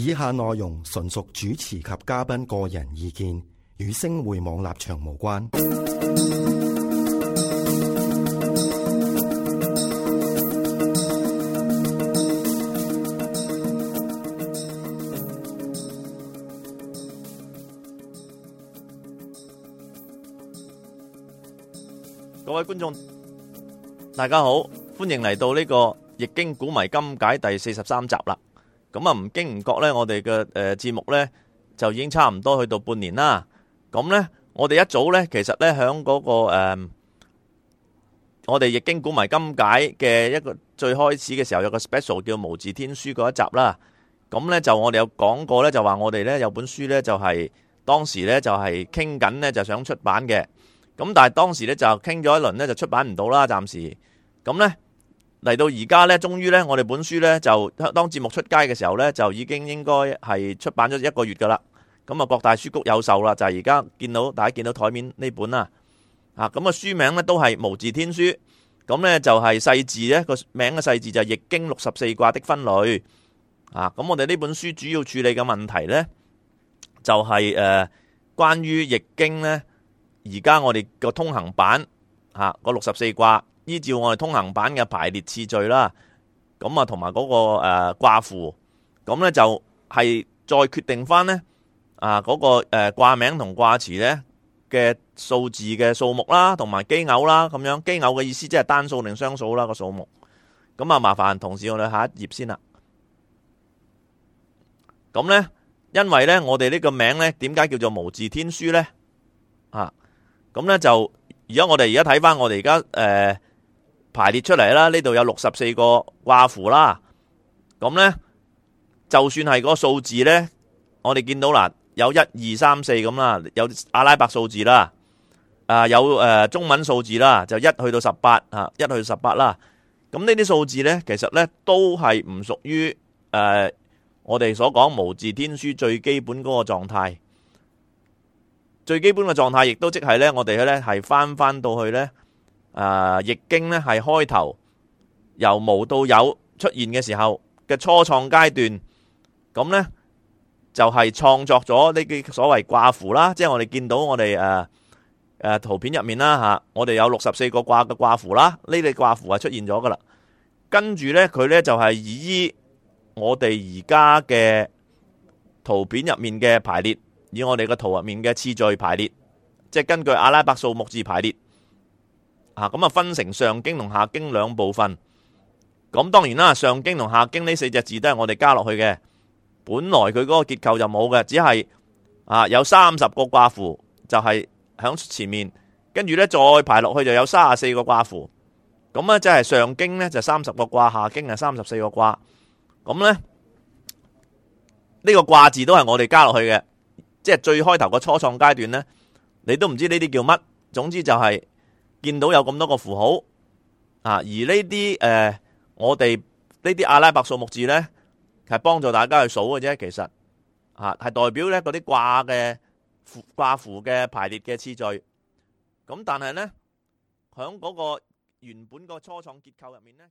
以下內容純屬主持及嘉賓個人意見，與星匯網立場無關。各位觀眾，大家好，歡迎嚟到呢、這個《易經古謎今解》第四十三集啦。咁啊，唔經唔覺呢，我哋嘅誒節目呢，就已經差唔多去到半年啦，那個。咁、嗯、呢，我哋一早呢，其實呢，響嗰個我哋易經古謎今解嘅一個最開始嘅時候，有個 special 叫無字天書嗰一集啦。咁呢，就我哋有講過呢，就話我哋呢，有本書呢，就係當時呢，就係傾緊呢，就想出版嘅。咁但係當時呢，就傾咗一輪呢，就出版唔到啦，暫時。咁呢。嚟到而家呢，終於呢，我哋本書呢，就當節目出街嘅時候呢，就已經應該係出版咗一個月噶啦。咁啊，各大書局有售啦，就係而家見到大家見到台面呢本啦。啊，咁啊書名呢都係無字天書。咁呢就係細字呢，個名嘅細字就係易經六十四卦的分類。啊，咁我哋呢本書主要處理嘅問題呢，就係誒關於易經呢，而家我哋個通行版啊個六十四卦，依照我哋通行版嘅排列次序啦，咁啊、那個，同埋嗰個誒卦符，咁咧就係再決定翻咧啊嗰、那個誒、呃、卦名同卦詞咧嘅數字嘅數目啦，同埋奇偶啦，咁樣奇偶嘅意思即係單數定雙數啦、那個數目。咁啊，麻煩同事我哋下一頁先啦。咁咧，因為咧我哋呢個名咧點解叫做無字天書咧？咁、啊、咧就而家我哋而家睇翻我哋而家誒。呃排列出嚟啦，呢度有六十四個卦符啦。咁呢，就算係個數字呢，我哋見到啦，有一二三四咁啦，有阿拉伯數字啦，啊有誒中文數字啦，就一去到十八啊，一去到十八啦。咁呢啲數字呢，其實呢都係唔屬於誒我哋所講無字天書最基本嗰個狀態。最基本嘅狀態，亦都即係呢，我哋呢係翻翻到去呢。誒、啊，易經咧，係開頭由無到有出現嘅時候嘅初創階段，咁呢就係、是、創作咗呢啲所謂卦符啦，即係我哋見到我哋誒誒圖片入面啦吓、啊，我哋有六十四個卦嘅卦符啦，呢啲卦符係出現咗噶啦，跟住呢，佢呢就係、是、以我哋而家嘅圖片入面嘅排列，以我哋個圖入面嘅次序排列，即係根據阿拉伯數目字排列。啊，咁啊，分成上經同下經兩部分。咁當然啦，上經同下經呢四隻字都係我哋加落去嘅。本來佢嗰個結構就冇嘅，只係啊有三十個卦符，就係響前面，跟住咧再排落去就有三十四個卦符。咁咧即係上經咧就三十個卦，下經啊三十四個卦。咁咧呢個卦字都係我哋加落去嘅，即係最開頭個初創階段咧，你都唔知呢啲叫乜。總之就係、是。見到有咁多個符號啊，而呢啲誒我哋呢啲阿拉伯數目字咧，係幫助大家去數嘅啫，其實啊，係代表咧嗰啲卦嘅符卦符嘅排列嘅次序。咁但係咧，喺嗰個原本個初創結構入面咧。